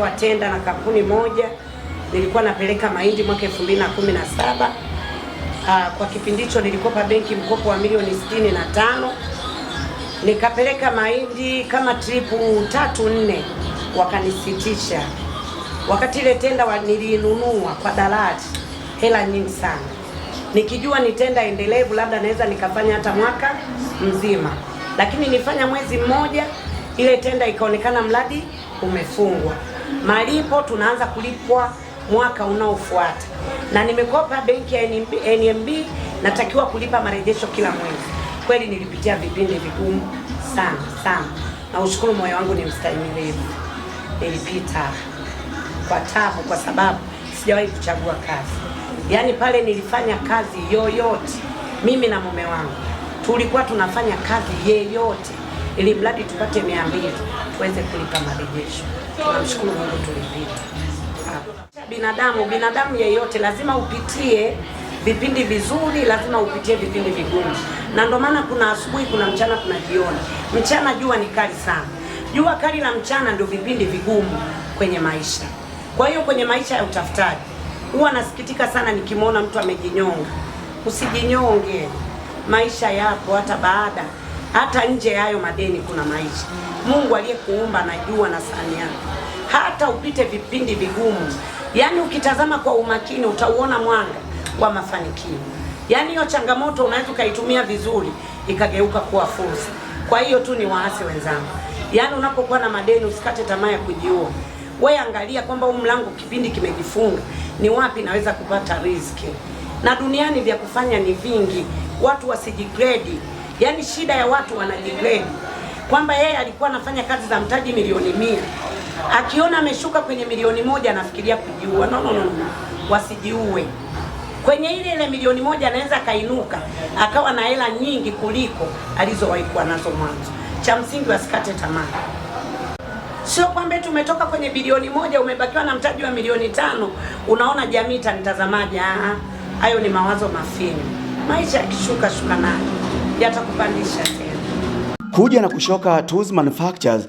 nimepewa tenda na kampuni moja, nilikuwa napeleka mahindi mwaka na Aa, ah, kwa kipindi hicho nilikopa benki mkopo wa milioni tano nikapeleka mahindi kama tripu tatu nne, wakanisitisha. Wakati ile tenda wa nilinunua kwa dalali hela nyingi sana, nikijua ni tenda endelevu, labda naweza nikafanya hata mwaka mzima, lakini nifanya mwezi mmoja, ile tenda ikaonekana mradi umefungwa. Malipo tunaanza kulipwa mwaka unaofuata, na nimekopa benki ya NMB, natakiwa kulipa marejesho kila mwezi. Kweli nilipitia vipindi vigumu sana sana, na ushukuru moyo wangu ni mstahimilivu, nilipita kwa tabu, kwa sababu sijawahi kuchagua kazi. Yaani pale nilifanya kazi yoyote, mimi na mume wangu tulikuwa tunafanya kazi yeyote ili mradi tupate mia mbili tuweze kulipa marejesho. Tunamshukuru Mungu tulipita. Ah. Binadamu, binadamu yeyote lazima upitie vipindi vizuri, lazima upitie vipindi vigumu, na ndio maana kuna asubuhi, kuna mchana, kuna jioni. Mchana jua ni kali sana, jua kali la mchana ndio vipindi vigumu kwenye maisha. Kwa hiyo kwenye maisha ya utafutaji, huwa nasikitika sana nikimwona mtu amejinyonga. Usijinyonge, maisha yapo hata baada hata nje ya hayo madeni kuna maisha. Mungu aliyekuumba anajua na sani yako, hata upite vipindi vigumu. Yaani ukitazama kwa umakini utauona mwanga wa mafanikio. Yaani hiyo changamoto unaweza ukaitumia vizuri ikageuka kuwa fursa. Kwa hiyo tu ni waasi wenzangu, yaani unapokuwa na madeni usikate tamaa ya kujiua. Wewe angalia kwamba huu mlango kipindi kimejifunga, ni wapi naweza kupata riziki, na duniani vya kufanya ni vingi, watu wasijigredi. Yaani shida ya watu wanajilei kwamba yeye alikuwa anafanya kazi za mtaji milioni mia, akiona ameshuka kwenye milioni moja anafikiria kujiua. No, no, no, no. wasijiue kwenye ile ile milioni moja anaweza akainuka akawa na hela nyingi kuliko alizowahi kuwa nazo mwanzo. Cha msingi wasikate tamaa, sio kwamba tumetoka kwenye bilioni moja umebakiwa na mtaji wa milioni tano unaona jamii itanitazamaje? Hayo ni mawazo mafini. Maisha yakishuka shuka nayo yatakupandisha tena. Kuja na kushoka Tools Manufactures